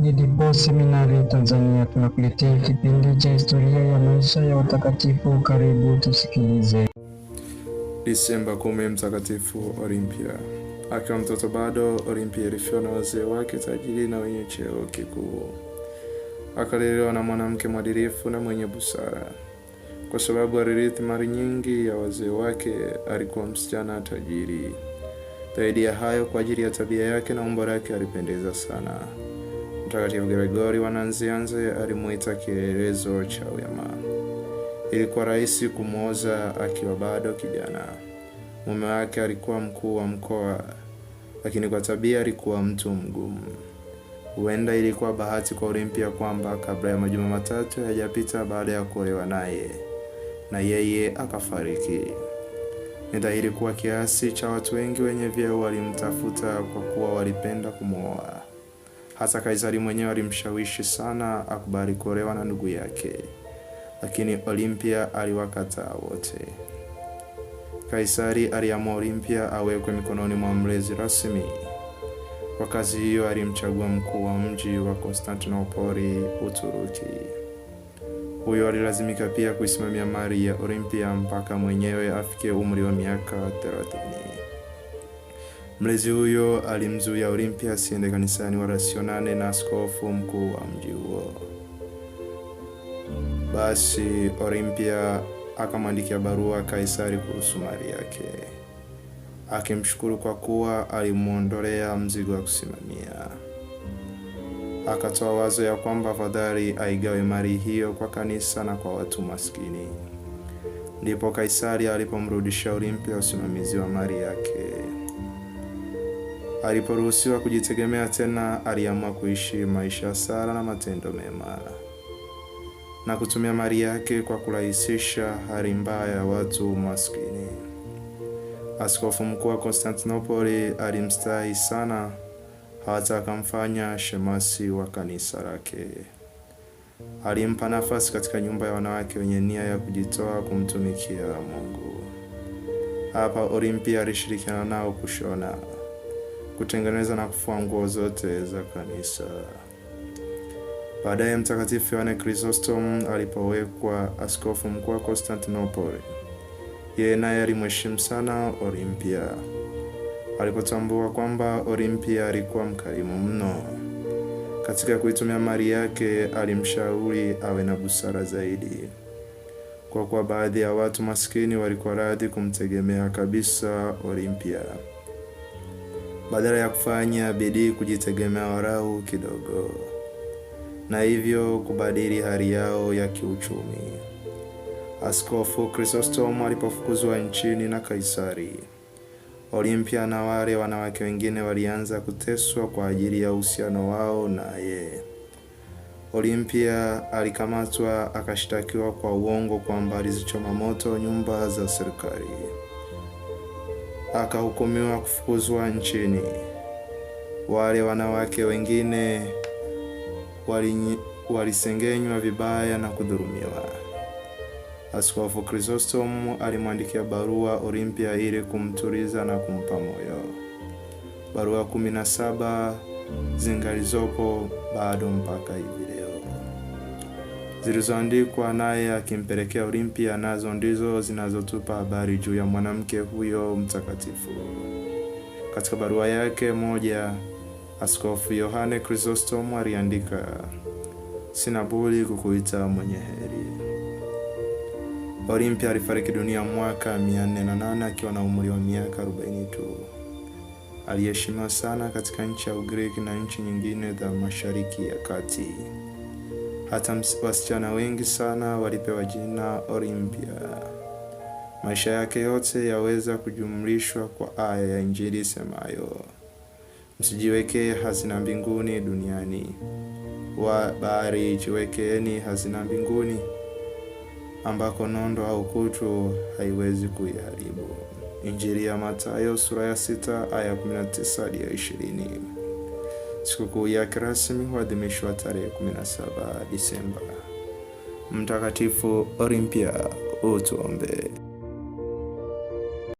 Nidipo Seminari Tanzania tunakuletea kipindi cha historia ya maisha ya watakatifu. Karibu tusikilize. Disemba kumi, Mtakatifu Olimpia. Akiwa mtoto bado, Olimpia ilifiwa na wazee wake tajiri na wenye cheo kikuu. Akalelewa na mwanamke mwadilifu na mwenye busara kwa sababu alirithi mali nyingi ya wazee wake. Alikuwa msichana tajiri. Zaidi ya hayo, kwa ajili ya tabia yake na umbo lake alipendeza sana. Mtakatifu Gregori wa Nanzianze alimuita kielelezo cha wema. Ilikuwa rahisi kumwoza akiwa bado kijana. Mume wake alikuwa mkuu wa mkoa, lakini kwa tabia alikuwa mtu mgumu. Huenda ilikuwa bahati kwa Olimpia kwamba kabla ya majuma matatu yajapita baada ya kuolewa naye na yeye akafariki. Ni dhahiri kuwa kiasi cha watu wengi wenye vyeo walimtafuta kwa kuwa walipenda kumwoa. Hata Kaisari mwenyewe alimshawishi sana akubali kuolewa na ndugu yake, lakini Olimpia aliwakataa wote. Kaisari aliamua Olimpia awekwe mikononi mwa mlezi rasmi. Kwa kazi hiyo, alimchagua mkuu wa mji wa Konstantinopoli, Uturuki. Huyo alilazimika pia kuisimamia mari ya Olimpia mpaka mwenyewe afike umri wa miaka 30. Mlezi huyo alimzuia Olimpia asiende kanisani wala asionane na askofu mkuu wa mji huo. Basi Olimpia akamwandikia barua Kaisari kuhusu mali yake akimshukuru kwa kuwa alimwondolea mzigo wa kusimamia akatoa wazo ya kwamba afadhali aigawe mali hiyo kwa kanisa na kwa watu maskini. Ndipo Kaisari alipomrudisha Olimpia usimamizi wa mali yake. Aliporuhusiwa kujitegemea tena, aliamua kuishi maisha ya sala na matendo mema na kutumia mali yake kwa kurahisisha hali mbaya ya watu maskini. Askofu mkuu wa Konstantinopoli alimstahi sana hata akamfanya shemasi wa kanisa lake. Alimpa nafasi katika nyumba ya wanawake wenye nia ya kujitoa kumtumikia Mungu. Hapa Olimpia alishirikiana nao kushona, kutengeneza na kufua nguo zote za kanisa. Baadaye Mtakatifu Yohane Chrysostom alipowekwa askofu mkuu wa Konstantinopoli, yeye naye alimheshimu sana Olimpia alipotambua kwamba Olimpia alikuwa mkarimu mno. Katika kuitumia mali yake, alimshauri awe na busara zaidi, kwa kuwa baadhi ya watu maskini walikuwa radhi kumtegemea kabisa Olimpia badala ya kufanya bidii kujitegemea warau kidogo, na hivyo kubadili hali yao ya kiuchumi. Askofu Krisostomo alipofukuzwa nchini na Kaisari Olimpia na wale wanawake wengine walianza kuteswa kwa ajili ya uhusiano wao na yeye. Olimpia alikamatwa akashtakiwa kwa uongo kwamba alizichoma moto nyumba za serikali. Akahukumiwa kufukuzwa nchini. Wale wanawake wengine walisengenywa vibaya na kudhulumiwa. Askofu Chrysostom alimwandikia barua Olimpia ili kumtuliza na kumpa moyo. Barua kumi na saba zingalizopo bado mpaka hivi leo, zilizoandikwa naye akimpelekea Olimpia, nazo ndizo zinazotupa habari juu ya mwanamke huyo mtakatifu. Katika barua yake moja, Askofu Yohane Chrysostom aliandika, sina budi kukuita mwenye heri Olympia alifariki dunia mwaka 408 akiwa na umri wa miaka 42 Aliheshimiwa sana katika nchi ya Ugiriki na nchi nyingine za Mashariki ya Kati. Hata wasichana wengi sana walipewa jina Olympia. Maisha yake yote yaweza kujumlishwa kwa aya ya Injili semayo, msijiwekee hazina mbinguni duniani, wa bali jiwekeeni hazina mbinguni ambako nondo au kutu haiwezi kuiharibu. Injili ya Mathayo sura ya sita aya 19 hadi 20. Sikukuu yake rasmi huadhimishwa tarehe 17 Disemba. Mtakatifu Olimpia, utuombee.